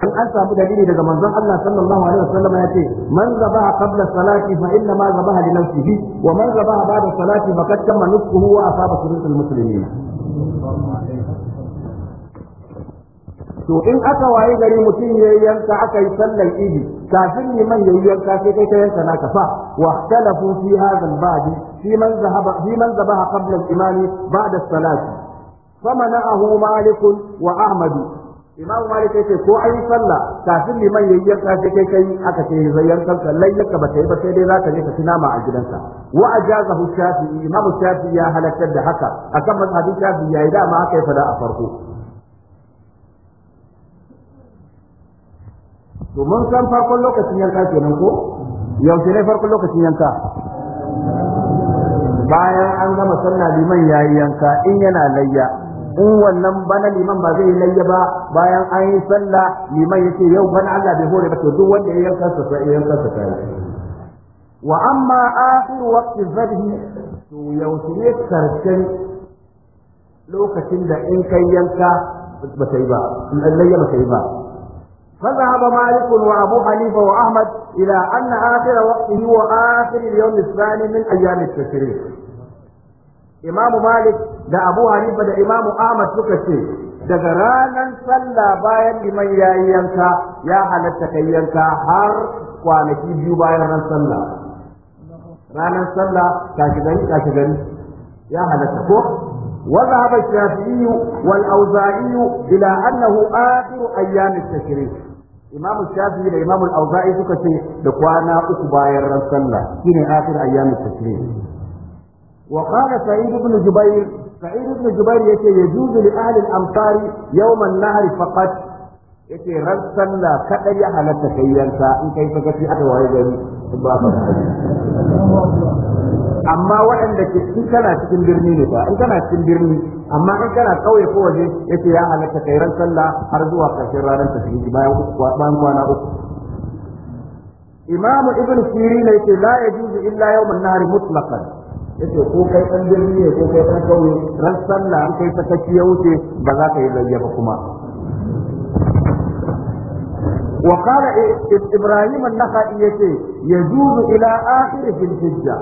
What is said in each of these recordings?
an an samu dalili daga manzon Allah sallallahu alaihi wasallam ya ce man zabaha qabla salati fa inna ma zabaha li nafsihi wa man zabaha ba'da salati faqad tamma nuskuhu wa asaba sunnatul muslimin to in aka waye gari mutum ya yanka aka yi sallar idi kafin liman ya yanka sai kai ka yanka naka fa wa ikhtalafu fi hadha al ba fi man zahaba fi man zabaha qabla al-imam ba'da salati فمنعه مالك وأحمد imamu malik yace ko an yi sallah kafin liman yayi yanka sai kai kai aka ce zai yanka sallan yanka ba ta ba sai dai zaka je ka ci nama a gidansa wa ajazahu shafi imamu shafi ya halakar da haka akan mazhabin yi da dama haka ya fada a farko to mun san farkon lokacin yanka kenan ko yaushe ne farkon lokacin yanka bayan an gama sallah liman yayi yanka in yana layya in wannan bana liman ba zai layya ba bayan an yi sallah liman yace yau bana Allah bai hore ba to duk wanda ya yanka sa ya yanka sa kai wa amma akhir waqti zabhi to yau ne karshen lokacin da in kai yanka ba sai ba layya ba sai ba فذهب مالك وابو حنيفه واحمد الى ان اخر وقته واخر اليوم الثاني من ايام التشريق امام مالك da Abu Hanifa da Imam Ahmad suka ce daga ranar sallah bayan liman yayi yanka ya halatta kai yanka har kwanaki biyu bayan ran sallah ranar sallah kashi gari kashi gari ya halatta ko وذهب الشافعي والأوزاعي إلى أنه آخر أيام التشريق إمام الشافعي kwana الأوزاعي سكتي لقوانا أكباير رسالة إن آخر أيام التشريق وقال سعيد بن جبير sa'id ibn ya ce ya juzi ahli al-amsari yawm an-nahr faqat yace ran sallah kada ya halatta kai yanka in kai ba amma waɗanda ke in kana cikin birni ne ba in kana cikin birni amma in kana kauye ko waje yake ya halatta kai ran sallah har zuwa ƙarshen ranar tafiye bayan kwana uku إمام ابن سيرين يقول لا يجوز إلا يوم النهر مطلقا yace ko kai dan birni ne ko kai dan kauye ran sallah an kai sakaci ya wuce ba za ka yi rayya ba kuma wa qala ibrahim an-nakhai yace yajuzu ila akhir fil hijja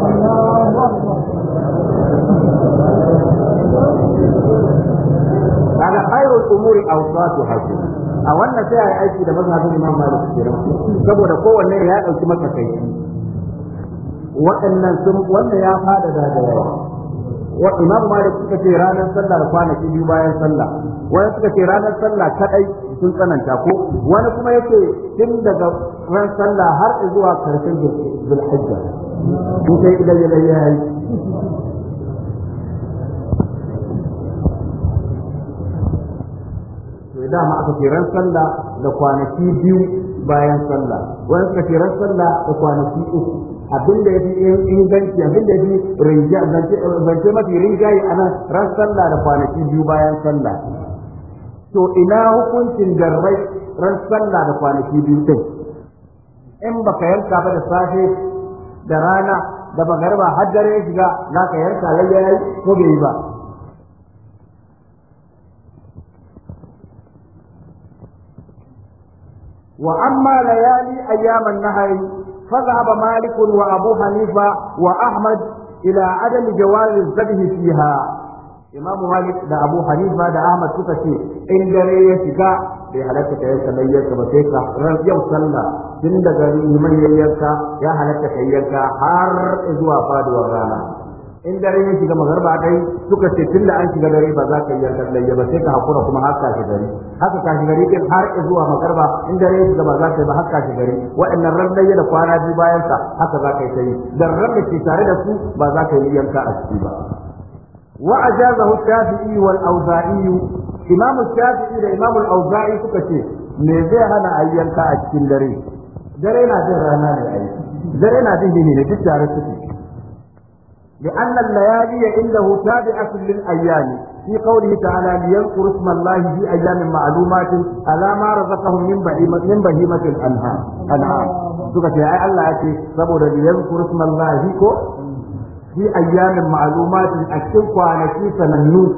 Allahu Akbar eh? ma'ana khairul umuri awsatuha a wannan sai ai aiki da mazhabin Imam Malik kenan saboda kowanne ya dauki maka kai waɗannan sun wannan ya fada da yawa wa Imam Malik suka ce ranar sallah da kwanaki biyu bayan sallah wani suka ce ranar sallah kadai sun tsananta ko wani kuma yake tun daga ran sallah har zuwa karshen zulhijja in sai idan ya yi dama aka ce ran sallah da kwanaki biyu bayan sallah wani suka ce ran sallah da kwanaki uku abinda ya fi inganci abinda ya fi rinja zance mafi rinjaye a nan ran sallah da kwanaki biyu bayan sallah to ina hukuncin garbai ran sallah da kwanaki biyu din in ba ka yanka ba da safe da rana da magarba har dare ya shiga za ka yanka yayi ko bai yi ba وأما ليالي أيام النهر فذهب مالك وأبو حنيفة وأحمد إلى عدم جواز الذبح فيها إمام مالك دا أبو حنيفة دا أحمد سكتي إن دري bai halatta ka yanka mai yanka ba sai ka ran yau sallah tun daga mai yanka ya halatta ka har har zuwa faduwar rana in dare ya shiga magarba dai suka ce tun da an shiga dare ba za ka yi yankan layya ba sai ka hakura kuma haka shi gari haka ka shi gari din har zuwa magarba in dare ya shiga ba za ka yi ba haka shi gari wa'annan ran layya da kwana biyu bayan sa haka za ka yi ta yi dan ran da ke tare da su ba za ka yi yanka a ciki ba wa ajazahu shafi'i wal auza'i imam shafi'i da imam al auza'i suka ce me zai hana ayyanka a cikin dare dare na jin rana ne ai dare na jin dini ne duk tare suke لأن الليالي عنده تابعة للأيام في قوله تعالى ليذكر اسم الله في أيام معلومات ألا ما رزقهم من بهيمة من بهيمة الأنهار أنعام سورة يا الله أتي سبب ليذكر اسم الله في أيام معلومات أكتب وأنا سننوس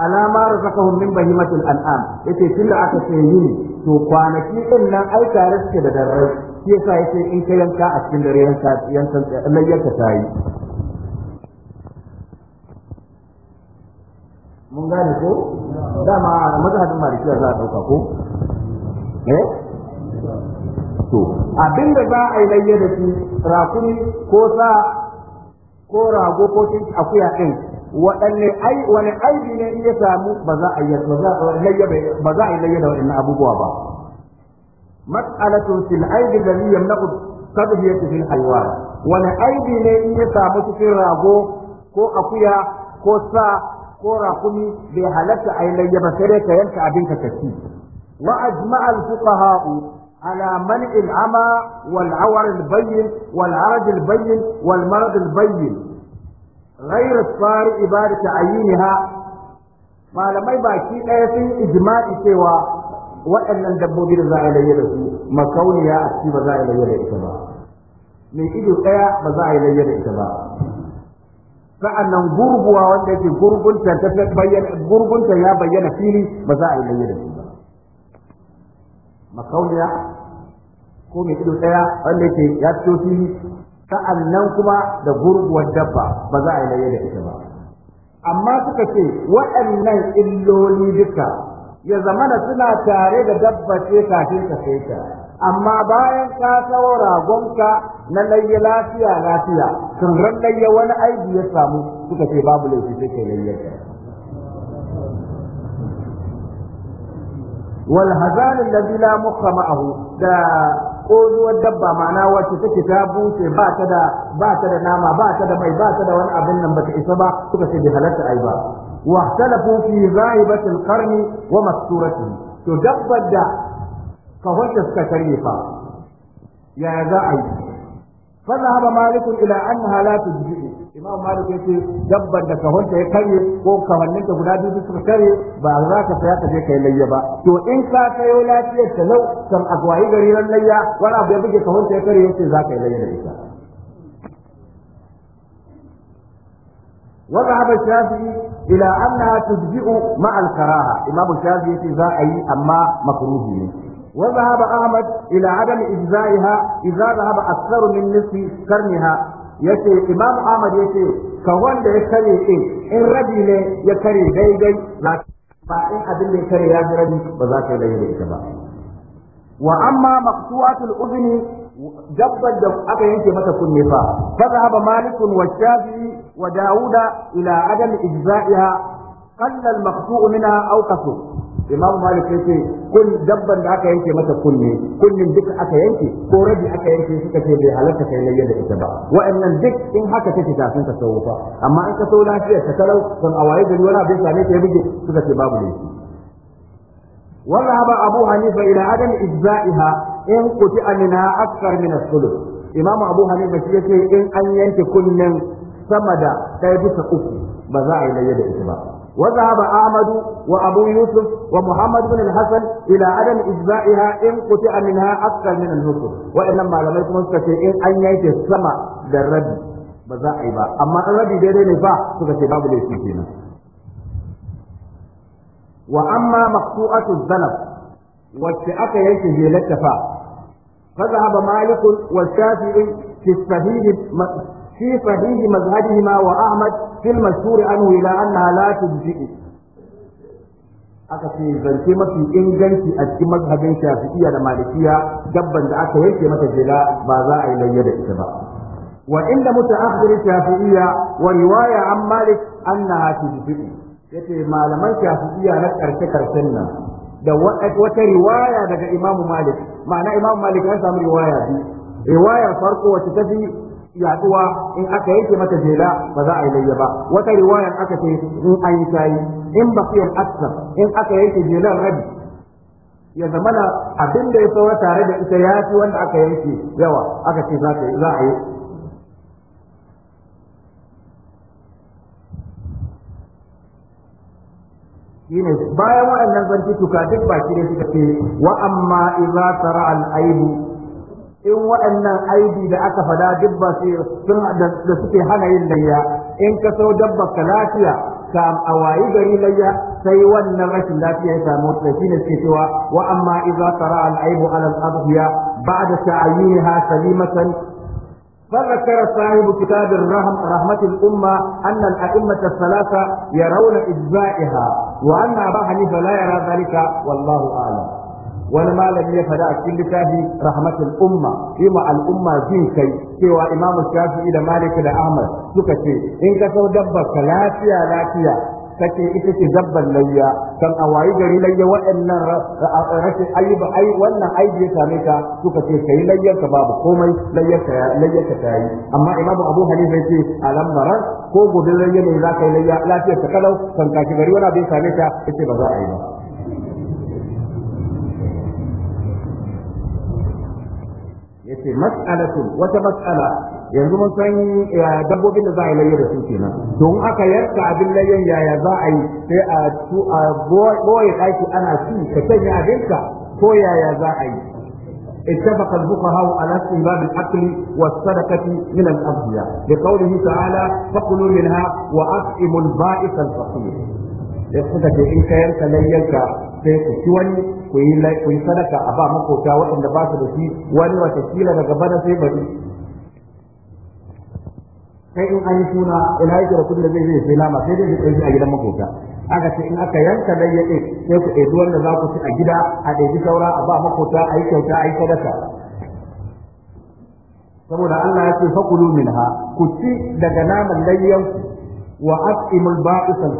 alama razaqahum min bahimatil an'am yace tunda aka ce yini to kwanaki din nan ai tare suke da darrai shi yasa yace in ka yanka a cikin dare yanka yanka layyarka tayi mun gane ko dama mazhabin malikiya za a dauka ko eh to abinda za a yi layya da shi rakuni ko sa ko rago ko akuya din waɗanne ai wani aibi ne in ya samu ba za a yi ba za a yi layya da waɗannan abubuwa ba mas'alatu fil aibi alladhi yamnaqu tadhiyatu fil haywan wani aibi ne in ya samu cikin rago ko akuya ko sa ko rakumi bai halarta a yanayi ba ka yanka abin ka tafi wa ajma'al fuqaha'u ala man'il ama wal awar al bayyin wal arad al bayyin wal marad al bayyin ghayr al sari ibadat ayyinha malamai baki ɗaya sun yi ijma'i cewa waɗannan dabbobi da za a yi su makauniya a ciki ba za a yi da ba mai ido ɗaya ba za a yi da ita ba sa'annan gurguwa wanda yake gurgunta ya bayyana fili ba za a yi bayyana shi ba makauniya ko mai ido daya wanda yake ya fito fili sa'annan kuma da gurguwar dabba ba za a yi bayyana ita ba amma suka ce waɗannan illoli duka ya zamana suna tare da dabba ce kafin ka sai ta amma bayan ka sawo ragonka na layya lafiya lafiya sun ran layya wani aibu ya samu suka ce babu laifi sai kai layyar wal hazan alladhi la mukha ma'ahu da kozuwar dabba ma'ana wacce take ta buce ba ta da ba ta da nama ba ta da mai ba ta da wani abin nan ba ta isa ba suka ce bai halatta ai ba واختلفوا wa ذاهبة to ومكسورته da. kawai da karye fa yaya za a yi فذهب مالك الى انها لا تجزئ imam malik ya ce dabban da kahonta ya karye ko kamannin guda biyu suka karye ba za ka saya ka je ka yi layya ba to in ka sayo lafiyar ta lau kan agwayi gari ran layya wani abu ya buge kahonta ya karye sai za ka yi layya da ita وذهب الشافعي إلى أنها تجزئ مع الكراهة إمام الشافعي في ذا أي أما مكروه وذهب أحمد إلى عدم إجزائها إذا ذهب أكثر من نصف ya ce Imam Ahmad ya ce ka wanda ya kare din in rabi ne ya kare daidai ba in abin da ya kare ya fi rabi ba za ka yi daidai ita ba wa amma maqtu'atul udhni dabbar da aka yanke mata kunne fa fa dhahaba Malik wa wa Dawuda ila adam ijza'iha qalla al-maqtu' minha aw kasur Imam malik ya ce kun dabban da aka yanke masa kunne kunnin duka aka yanke ko rabi aka yanke suka ce bai halarta kai layya da ita ba wa'annan duk in haka take kafin ka sau fa amma in ka sau lafiyar ka talau kan awaye gari wani abin same ta ya buge suka ce babu laifi وذهب أبو حنيفة إلى عدم إجزائها إن قطع منها أكثر من abu hanifa shi yace in an yanke kunnen sama da ɗaya bisa uku ba za a yi layya da ita ba وذهب أحمد وأبو يوسف ومحمد بن الحسن إلى عدم إجزائها إن قطع منها أكثر من النصف وإنما لم يكن مستشيئين أن يأتي السماء بالربي بزاعي با أما الربي ديني با سكتي باب ليسكينا وأما مقطوعة الذنب واتشأك يأتي لك فذهب مالك والشافعي في الصحيح في صحيح مذهبهما وأحمد في المشهور عنه إلى أنها لا تجزئ aka ce zance mafi inganci a cikin mazhabin shafi'iyya da malikiya dabban da aka yanke mata jela ba za a yi layya da ita ba wa inda mutaakhir shafi'iyya wa riwaya an malik annaha tujbi yace malaman shafi'iyya na karshe karshen nan da wata riwaya daga Imamu malik ma'ana Imamu malik ya samu riwaya bi Riwaya farko wacce ta fi yaduwa in aka yanke mata jela ba za a yi layya ba wata riwaya aka ce in an yi tayi in ba baqiyal aksar in aka yanke jelan rabi ya zamana abin da ya saura tare da ita ya fi wanda aka yanke yawa aka ce za a yi shine bayan waɗannan zanci tuka duk baki ne suka ce wa amma idza tara al aibu in waɗannan aibi da aka fada duk ba da suke hana yin layya in ka so dabba ka lafiya ka a wayi gari layya sai wannan rashin lafiya ya samu ta shine ke cewa wa amma idza tara al aibu ala al adhiya ba'da ta'ayyinha salimatan فذكر صاحب كتاب الرحم رحمة الأمة أن الأئمة الثلاثة يرون إجزائها وأن أبا حنيفة لا يرى ذلك والله أعلم wani malami ya fada a cikin littafi rahmatul umma yi ma al'umma jin kai cewa imam shafi'i da malik da ahmad suka ce in ka sau dabbar ka lafiya lafiya kace ita ce dabbar layya kan a wayi gari layya waɗannan rashin ayyuba ai wannan aibi ya same ka suka ce kai layyar ka babu komai layyar ka layyar ka tayi amma imamu abu hanifa yace alam marar ko gudun layya ne za ka yi layya lafiyar ka kalau kan kashi gari wani abin same ka yace ba za a yi ba yace wata mas'ala yanzu mun san eh, dabbobin da za a layya da su kenan to in aka yanka abin layyan yaya za a yi sai a su a ana ci ka sanya abinka ko yaya za a yi اتفق الفقهاء على استنباب الاكل والصدقه من الاغذيه لقوله تعالى فكلوا منها واطعموا البائس الفقير da suka ce in ka yanka layyanka sai ku ci wani ku yi sadaka a ba makota waɗanda ba su da shi wani wata kila daga bana sai bari Sai in an yi suna ina yake da kudin da zai zai sai nama sai dai zai shi a gidan makota aka ce in aka yanka dai yake ɗin sai ku ɗebi wanda za ku ci a gida a ɗebi saura a ba makota a yi kyauta a yi sadaka saboda Allah ya ce fakulu minha ku ci daga naman ku wa af'imul ba'is al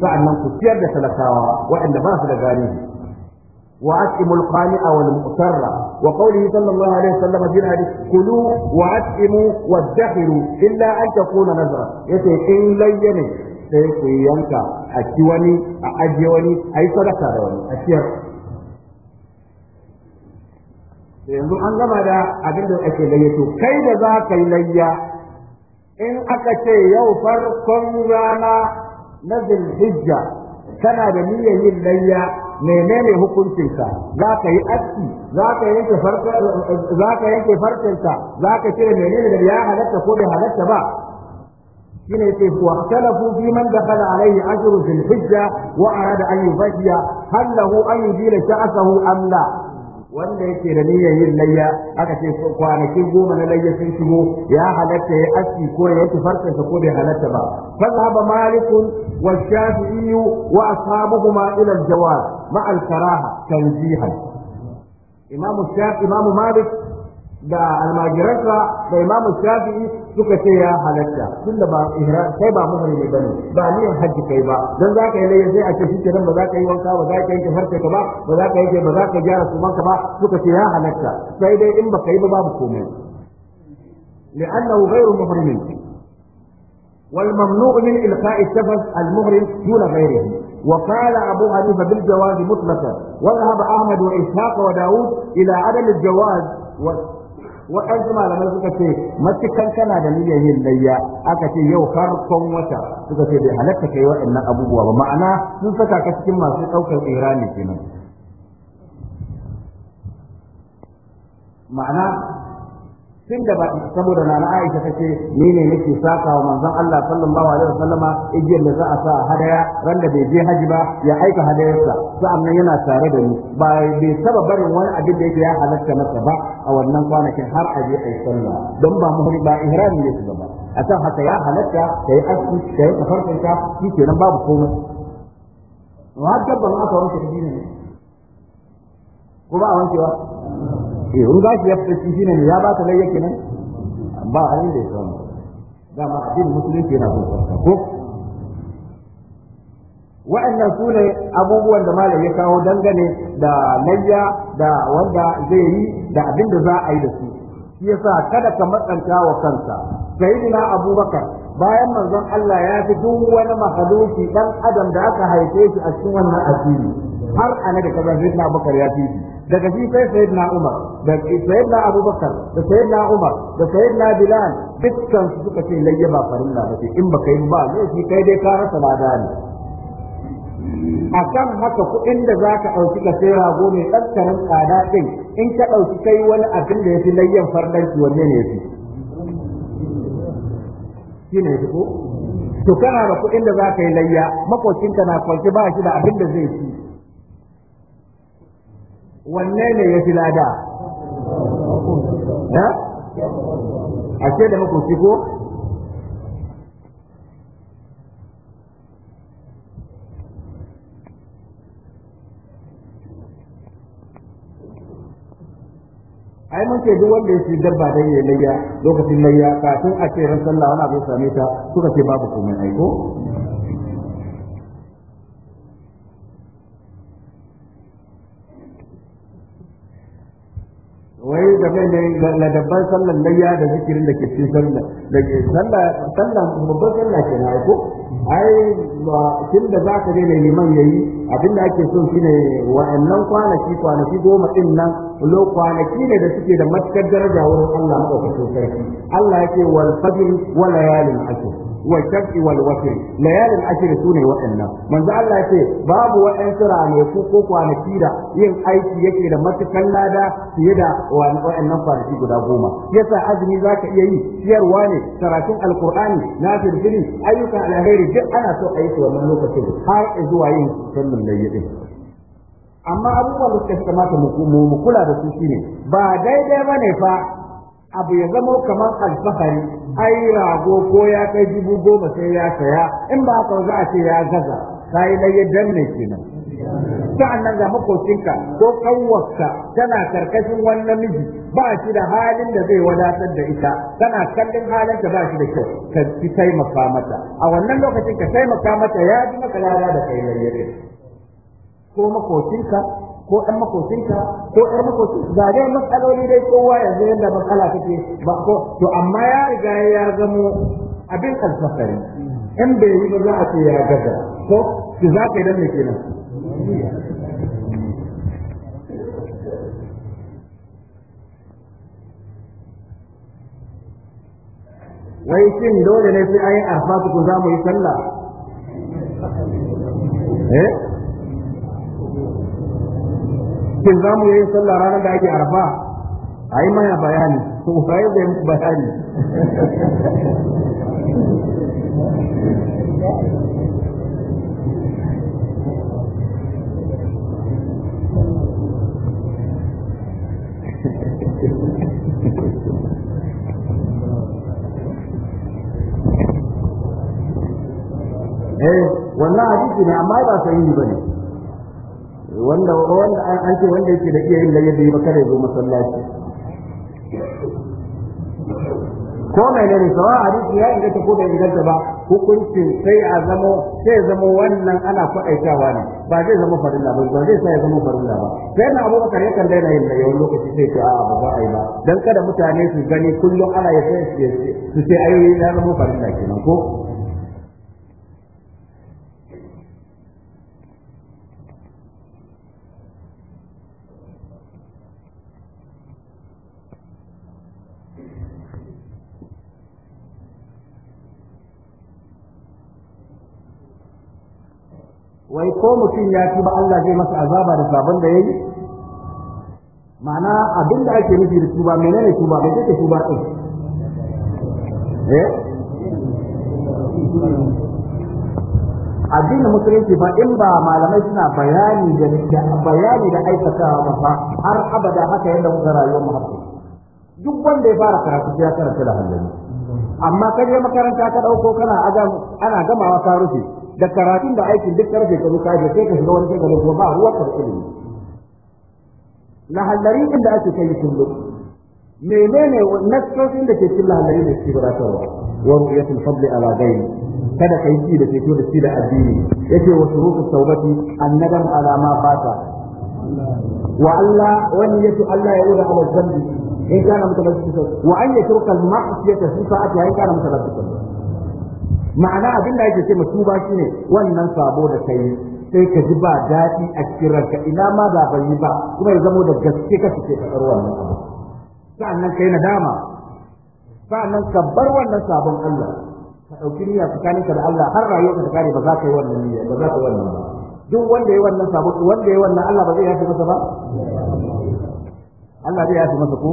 sa'an nan ku ciyar da talakawa waɗanda ba su da gani وأطعموا القانع والمؤتر وقوله صلى الله عليه وسلم في الحديث كلوا وأطعموا وادخروا إلا أن تكون نذرا يتي إن ليني سيكون ينكا أشيواني أجيواني أي صدقة دوني أكيوني yanzu an gama da abin da ake layyato kai da za ka yi layya in aka ce yau farkon rana na zilhijja kana da niyyar yin layya menene hukuncinka za ka yi aski za ka yanke za ka yanke farcinka za ka cire menene da ya halatta ko bai halatta ba shine yake wa talafu fi man dakhala alayhi ajru fil hijja wa arada an yubayya hal lahu an yudila sha'asahu am la wanda yake da niyyar yin layya aka ce kwanaki goma na layya sun shigo ya halatta ya aski ko ya yanke farkansa ko bai halatta ba fadhaba malikun wa shafi'i wa ashabuhuma ila al-jawaz ma al-karaha tanjihan imamu shafi imam malik da almajiransa da imamu shafi'i suka ce ya halatta tun da ba ihram kai ba muhrim ne bane ba niyan hajji kai ba dan zaka yi laye sai a ce shike nan ba za ka yi wanka ba za ka yanke farce ka ba ba za ka ba za ka gyara sumanka ba suka ce ya halatta sai dai in ba ka yi ba babu komai لأنه غير محرم والممنوع من إلقاء التفت المحرم دون غيره وقال أبو حنيفة بالجواز مطلقا وذهب أحمد وإسحاق وداود إلى عدم الجواز waɗansu malamai suka ce matukan kana da niyyar yin layya aka ce yau farkon wata suka ce bai halatta kai waɗannan abubuwa ba ma'ana sun saka ka cikin masu ɗaukar ne kenan ma'ana tun da ba saboda nana Aisha ta ce ni ne nake saka wa manzon Allah sallallahu alaihi wasallama igiyar da za a sa hadaya ran da bai je haji ba ya aika hadayarsa sa'annan yana tare da ni ba bai saba barin wani abin da yake ya halatta masa ba a wannan kwanakin har a je ai sallah don ba muhri ba ihrami ne su A akan haka ya halatta yi aski kai kafarkanka nan babu komai wa dabban aka wanke ne. kuma a wankewa eh ruga shi ya fita shi ne ya ba ta layya kenan ba abin da ya samu dama abin musulunci yana son ko wa'annan su ne abubuwan da malam ya kawo dangane da layya da wanda zai yi da abin da za a yi da su shi yasa kada ka matsanta wa kanka sayyidina abubakar bayan manzon Allah ya fi duk wani mahaluki dan adam da aka haife shi a cikin wannan asiri har a da kaza na bakar ya fi daga shi sai sayyidina Umar da sayyidina Abubakar da sayyidina Umar da sayyidina Bilal dukkan su suka ce layya ba farilla ba in baka yi ba shi kai dai ka rasa lada ne akan haka kuɗin da za ka ɗauki ka sai rago ne tsakarin tsada ɗin in ka ɗauki kai wani abin da ya fi layyan ki wanne ne ya fi shi ne ko to kana da kuɗin da za ka yi layya ka na kwance ba shi da abin da zai ci wanne ne ya fi lada a ce da makoci ko ai mun ce duk wanda ya fi dabba dan layya lokacin layya kafin a ce ran sallah wani abu same ta suka ce babu komai aiko wai mai ne ladabban sallan layya da zikirin da ke cikin sallah da ke sallan sallah babban sallah ke na ko ai tun da za ka ne liman yayi abin da ake so shine wa'annan kwanaki kwanaki goma din nan lo kwanaki ne da suke da matukar daraja wurin Allah madaukakin sarki Allah yake wal fajr wa layalin ashr wa shafi wal watr layalin ashr sune wa'annan manzo Allah yake babu wa'ansu ranaku ko kwanaki da yin aiki yake da matakan lada fiye da wa'annan kwanaki guda goma yasa azumi zaka iya yi ciyarwa ne karatun alqur'ani nafil ayyuka alheri duk ana so a yi wannan lokacin har zuwa yin sallah layya din amma abubuwan da suka kamata mu kula da su shine ba daidai ba ne fa abu ya zama kamar alfahari ai rago ko ya kai dubu goma sai ya saya in ba ka za a ce ya gaza kai layya dan ne kenan sa'annan ga makocinka ko kanwarka tana karkashin wani namiji ba shi da halin da zai wadatar da ita tana kallon halin da ba shi da kyau ka fi taimaka mata a wannan lokacin ka taimaka mata ya ji maka lada da kai ko makocinka ko ɗan makocinka ko ɗan makocinka ga dai matsaloli dai kowa zai yadda matsala take ba ko to amma ya riga ya zamo abin alfasari in bai yi ba za a ce ya gaza ko ki za ka yi da me kenan wai shin dole ne sai ayi arfa ku za mu yi sallah eh shin za mu yi sallah ranar da ake arfa a yi mana bayani to kai zai muku bayani eh wannan hadisi ne amma ba sahihi bane wanda wanda an ce wanda yake da iya yin layyar da yi kada ya zo masallaci ko mai ne sawa duk ya inganta ko bai inganta ba hukuncin sai a zama sai zama wannan ana faɗaitawa ne ba zai zama farin ba ba zai sai zama farilla ba sai na abubakar yakan daina yin da yawan lokaci sai ce a'a ba za yi ba dan kada mutane su gani kullum ana ya sai su ce ayoyi na zama farilla kenan ko wai ko mutum ya ci ba Allah zai masa azaba da sabon da yayi ma'ana abin da ake nufi da tuba menene tuba bai take tuba din eh addinin musulunci ba in ba malamai suna bayani da bayani da aikatawa ba fa har abada haka yadda muka rayuwar mu duk wanda ya fara karatu ya karanta da hannu. amma ka makaranta ka dauko kana ana gamawa wa rufe da karatun da aikin duk karfe ka zo ka je sai ka shiga wani shekaru kuma ba ruwa ka ilimi lahallari inda ake kai kullum menene nasosin da ke cikin lahallari da ke gudatarwa wa ru'yatul fadli ala ghayri kada kai ji da ceto da shi da addini yace wa shurutus tawbati annadam ala ma fata wa Allah wani yace Allah ya wuda ala zambi in kana mutalaffisa wa an yashruka al-ma'siyata fi sa'ati in kana mutalaffisa ma'ana abin da yake ce mu tuba shine wannan sabo da kai sai ka ji ba daɗi a cikin ranka ina ma da ban yi ba kuma ya zamo da gaske ka suke ka tsar wannan abu sa'annan kai nadama sa'annan ka bar wannan sabon Allah ka ɗauki niyya ka da Allah har rayuwarka ta kare ba za ka yi wannan niyya ba za ka yi wannan ba duk wanda ya yi wannan sabo wanda ya yi wannan Allah ba zai yafe masa ba Allah zai yafe masa ko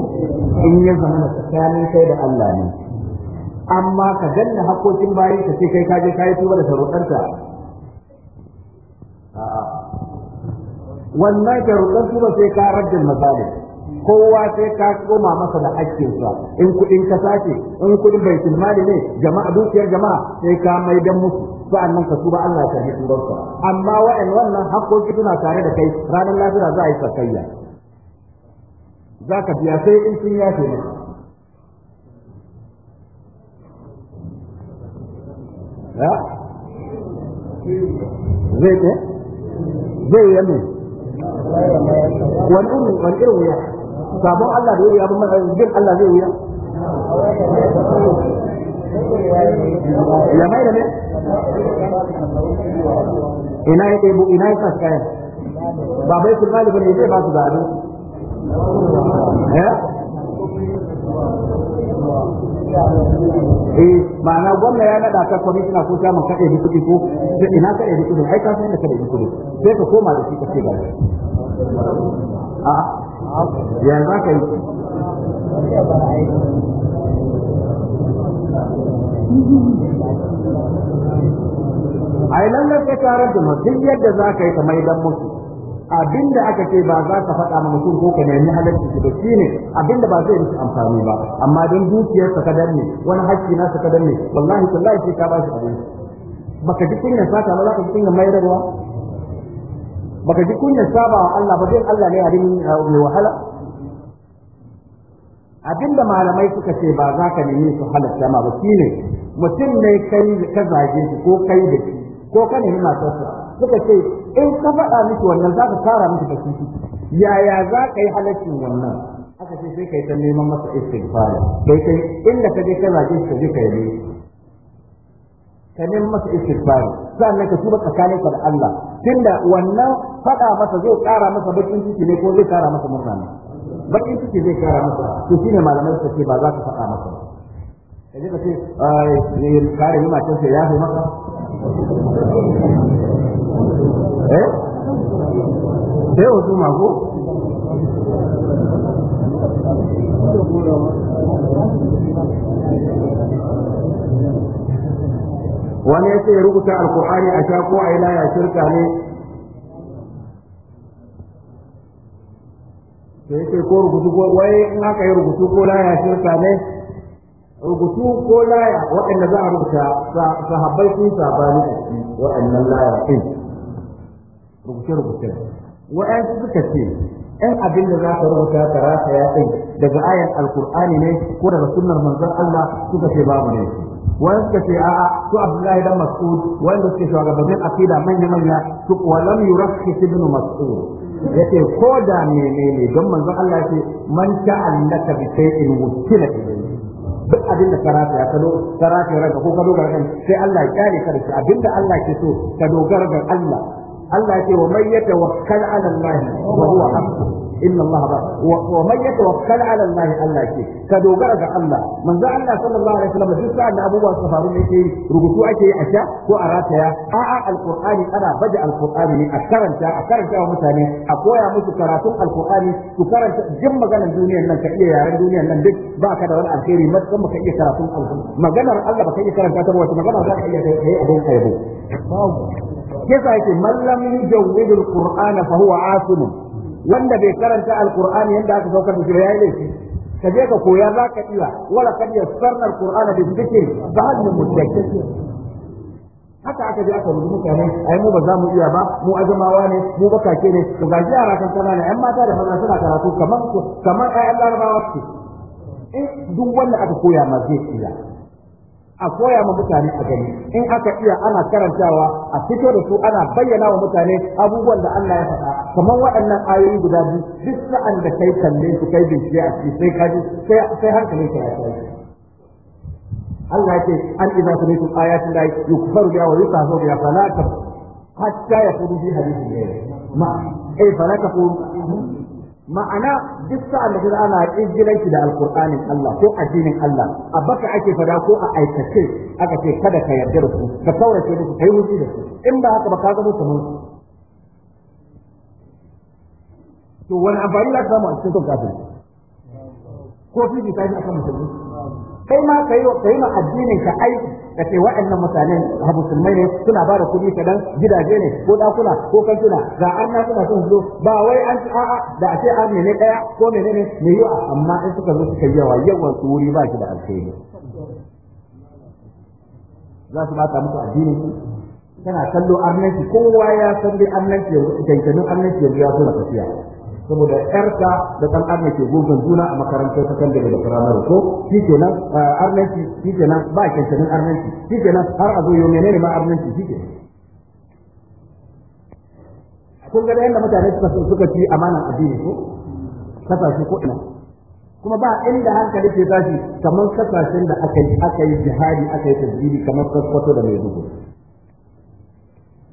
in ya zama tsakanin kai da Allah ne amma ka danna hakokin bayan ka ce kai ka je kai tuba da sharuɗanta wannan sharuɗan tuba sai ka raddin misali kowa sai ka koma masa da sa in kuɗin ka sace in kuɗin bai mali ne jama'a dukiyar jama'a sai ka mai dan musu sa'annan ka tuba Allah ya karbi ka amma wa'in wannan hakkoki suna tare da kai ranar lafiya za a yi sakayya za ka biya sai in sun yafe maka zai ko zai yi wani irin wani irin wuya sabon Allah da yake abin jin Allah zai wuya ya mai da ne ina ya ɗebo ina ya sa kayan ba bai su ɗaliban ne zai ba su da abin eh ma'ana gwamna ya nada ka commissioner ko shaman kaɗe ni kuɗi ko ina kade ni kuɗi ai ka san da kade da kuɗi sai ka koma da shi ka ce ga a ya za ka yi ai lalle sai ka karanta duk yadda za ka yi ka mai dan musu abinda aka ce ba za ka faɗa ma mutum ko ka nemi halarci shi ba shine abinda ba zai miki amfani ba amma don dukiyar ka danne wani hakki na ka danne wallahi wallahi sai ka ba shi abin baka ji kunyar sata ba za ka ji kunyar mayarwa baka ji kunyar saba wa Allah ba zai Allah ne abin eh, mai wahala abinda malamai suka ce ba za ka nemi su halatta ma ba shine mutum ne kai ka zage shi ko kai da shi ko ka nemi matarsa suka ce in ka faɗa miki wannan za ka tara miki baki yaya za ka yi halaccin wannan aka ce sai kai ta neman masa istighfar kai kai inda ka je ka zage shi ka je ka yi ka neman masa istighfar sannan ka tuba tsakanin ka da Allah tunda wannan faɗa masa zai ƙara masa bakin ciki ne ko zai ƙara masa mutane bakin ciki zai ƙara masa to shine malamai suka ce ba za ka faɗa masa ba kaje ka ce kare yi matarsa ya fi maka eh sai eh, husuma wani yake ya rubuta alkur'ani a sha a ila ya shirka ne da yake ko rubutu ko wai in aka yi rubutu ko la ya shirka ne rubutu ko laya waɗanda za a rubuta sahabbai sun sabani a ciki waɗannan laya ɗin rubuce rubuce wa'ansu suka ce ɗan abin da za ka rubuta ka rasa ya kai daga ayan alkur'ani ne ko daga sunnar manzon Allah suka ce babu ne wani suka ce a'a su Abdullahi dan Mas'ud wanda suke shugabannin akida manya manya su walam yurakhis ibn Mas'ud yace ko da menene don manzon Allah yace man ta'allaka bi shay'in wukila duk abin da karata ya kado karata ya raga ko ka dogara kan sai Allah ya kare ka da abin da Allah ke so ka dogara ga Allah Allah ya ce wa man yatawakkal ala Allah wa huwa inna Allah ba wa man yatawakkal ala Allah Allah ce ka dogara ga Allah manzo Allah sallallahu alaihi wasallam duk sa'an da abubuwa su faru ne yake rubutu ake yi a sha ko a rataya a a alqur'ani ana baje alqur'ani ne a karanta a karanta wa mutane a koya musu karatun alqur'ani su karanta jin maganar duniyar nan ka iya yaren duniyar nan duk ba ka da wani alheri matsan ka iya karatun alqur'ani maganar Allah ba ka iya karanta ta ba wata magana za ka iya kai a don kai yasa yake mallam yujawwidu alqur'ana fa huwa asim wanda bai karanta alqur'ani yanda aka saukar da shi ba yayi laifi ka je ka koya za ka iya wala kad yassarna alqur'ana bi dhikri fa hal min mudakkir haka aka je aka rubuta mutane ai mu ba za mu iya ba mu ajamawa ne mu bakake ne to ga yara kan kanana ƴan mata da maza suna karatu kamar kamar ƴaƴan larabawa su in duk wanda aka koya ma zai iya a koya ma mutane a gani in aka iya ana karantawa a fito da su ana bayyana wa mutane abubuwan da Allah ya faɗa kamar waɗannan ayoyi guda biyu duk sa'an da kai kalle su kai bincike a ciki sai kaji sai hankalin ka ya Allah ya ce an idza sami'tum ayatin la yukfaru biha wa yustahzu biha fala hatta yaqudu fi hadithin ma eh fala ma'ana duk sa'an da ana shi da alkur'anin Allah ko addinin Allah a baka ake fada ko a aikace aka ce kada ka yarda da su ka kaurace musu kai wuce da su in ba haka ba ka zama kamar su to wani amfani za ka samu a cikin son kafin ko fifi ta yi akan musulmi kai ma ka yi ma addinin ka aiki ka ce waɗannan mutane a musulmai ne suna ba da kuɗi kaɗan gidaje ne ko ɗakuna ko kantuna ga an suna sun zo ba wai an a'a da a ce an ne ɗaya ko menene ne yiwa amma in suka zo suka yawa yawan su wuri ba shi da alheri za su bata musu addinin su kana kallo arnanci kowa ya san dai arnanci yanzu dankalin arnanci yanzu ya zo na tafiya saboda yarka da dan arna ke gogon juna a makarantar kan da firamare ko shikenan arnanci nan ba kyankyanin arnanci nan har a zoyo yau ne ma arnanci ke kun ga yadda mutane suka suka ci amanan addini ko kasashe ko ina kuma ba inda hankali ke tashi kamar kasashen da aka yi aka yi jihadi aka yi tajiri kamar sakkwato da mai dubu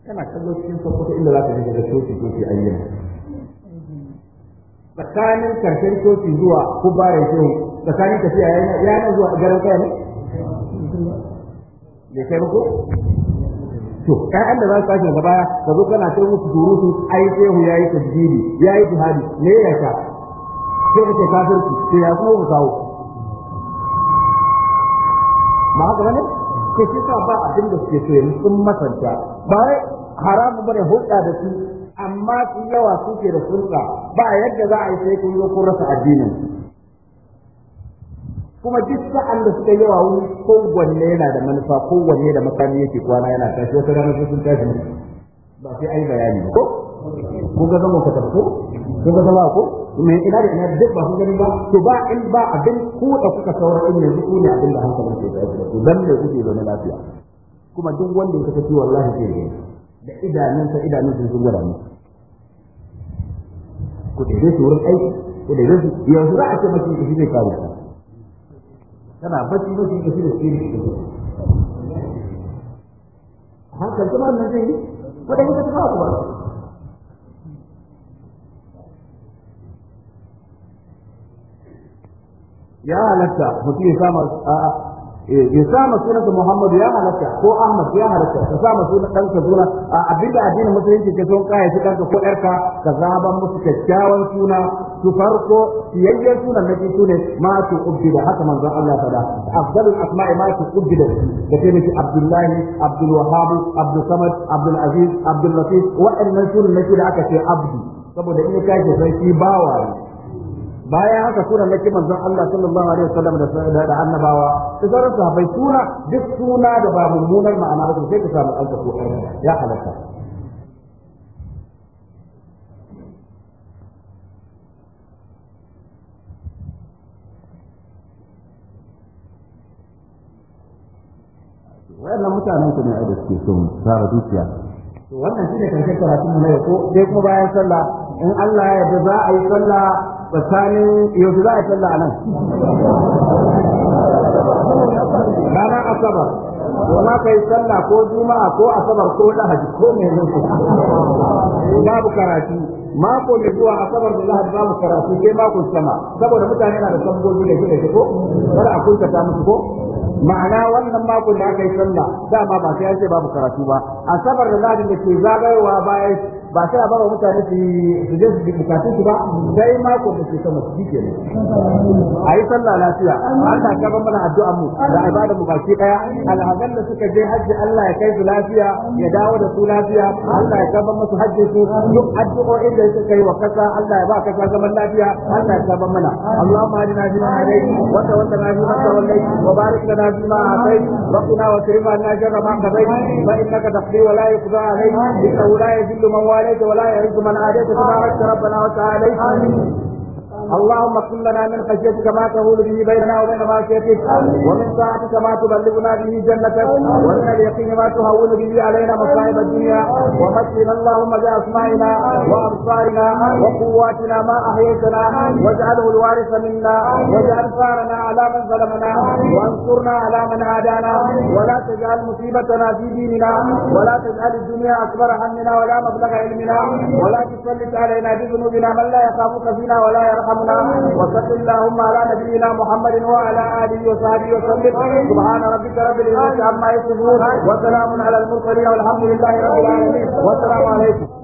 kana kallo cikin sakkwato inda za ka je daga coci coci ayyana tsakanin karshen coci zuwa ko kubara shehu tsakanin tafiya ya yana zuwa a garin kayan ne bai kai ba ko to da za su tashi baya, ka zo kana ce musu surutu ai shehu yayi tajjidi yayi jihadi ne ya ka sai kace kafirci sai ya kuma ku kawo ba haka bane to shi sa ba abin da suke so yanzu sun masanta ba haramu bane hulɗa da su amma su yawa suke da hulɗa ba yadda za a yi sai kun zo kun rasa addinin kuma duk sa'an da suka yawa wani kowanne yana da manufa kowanne da makami yake kwana yana tashi wata rana sun tashi ba sai ai bayani ko ko ga zama ka tafi ko ga zama ko me ina da ina duk ba sun gani ba to ba in ba abin ku da kuka saura in yanzu ku ne abin da hankalin ke tashi to dan ne kuke zaune lafiya kuma duk wanda ya kace wallahi ke da idanunsa idanunsa sun gwada musu ku daidai su wurin aiki ku daidai su yanzu za a ce mace ka zai kare ka kana bacci mace ka shi zai tsiri ka haka kuma nan zai wadanda ka ba ya halatta mutum ya sama a'a Eh, ya ma sunansa Muhammad ya halatta ko Ahmad ya halatta ka sama sunan ɗanka suna a abinda addinin musulunci ke son kaya shi ɗanka ko ƴarka ka zaban musu kyakkyawan suna su farko siyayyen sunan na ji sune ma su ubbida haka manzon Allah fada afdalul asma'i ma su ubbida da ke miki Abdullahi Abdul Wahhab Abdul Samad Abdul Aziz Abdul Latif waɗannan sunan na da aka ce abdu saboda in ka ke sai ki bawa ne bayan haka na nake zan Allah sallallahu alaihi wasallam da da annabawa da sauran sahabbai suna duk suna da ba mummunar ma'ana ba sai ka samu alka ko ya halaka Wannan mutanen ku ne a da suke son tsara dukiya wannan wannan ne karshen karatun mu na yau ko dai kuma bayan sallah in Allah ya yarda za a yi sallah tsakanin yaushe za a sallah a nan ranar asabar kuma ka yi sallah ko juma'a ko asabar ko lahadi ko mai nufi babu karatu mako mai zuwa asabar da lahadi babu karatu sai mako sama saboda mutane na da sabbobi da shi da ko kada a kuntata musu ko ma'ana wannan mako da aka yi sallah dama ba sai an ce babu karatu ba asabar da lahadi da ke zagayowa bayan ba sai a bawa mutane su su je su bukatun su ba sai mako da su sama su ke ne a yi sallah lafiya Allah gaban mana addu'a mu da ibada mu baki daya alhazan da suka je hajji Allah ya kai su lafiya ya dawo da su lafiya Allah ya gaban musu hajji su duk addu'o'in da suka yi wa kasa Allah ya ba kasa zaman lafiya Allah ya gaban mana Allahumma hadina fi ma hadayt wa tawaffana fi ma tawallayt wa barik lana fi ma atayt wa qina wa sirfa na sharra ma qadayt fa innaka taqdi wa la yuqda alayhi bi la yadhillu man عليك ولا يرد من عاديت تبارك ربنا وتعالى اللهم اكن لنا من خشيتك ما تهول به بيننا وبين معصيتك ومن طاعتك ما تبلغنا به جنتك ومن اليقين ما تهون به علينا مصائب الدنيا ومكن اللهم باسمائنا وابصارنا وقواتنا ما احييتنا واجعله الوارث منا واجعل ثارنا على من ظلمنا وانصرنا على من عادانا ولا تجعل مصيبتنا في ديننا ولا تجعل الدنيا اكبر همنا ولا مبلغ علمنا ولا تسلط علينا بذنوبنا من لا يخافك فينا ولا يرحمنا أمامنا وصل اللهم على نبينا محمد وعلى آله وصحبه وسلم سبحان ربك رب العزة عما يصفون وسلام على المرسلين والحمد لله رب العالمين والسلام عليكم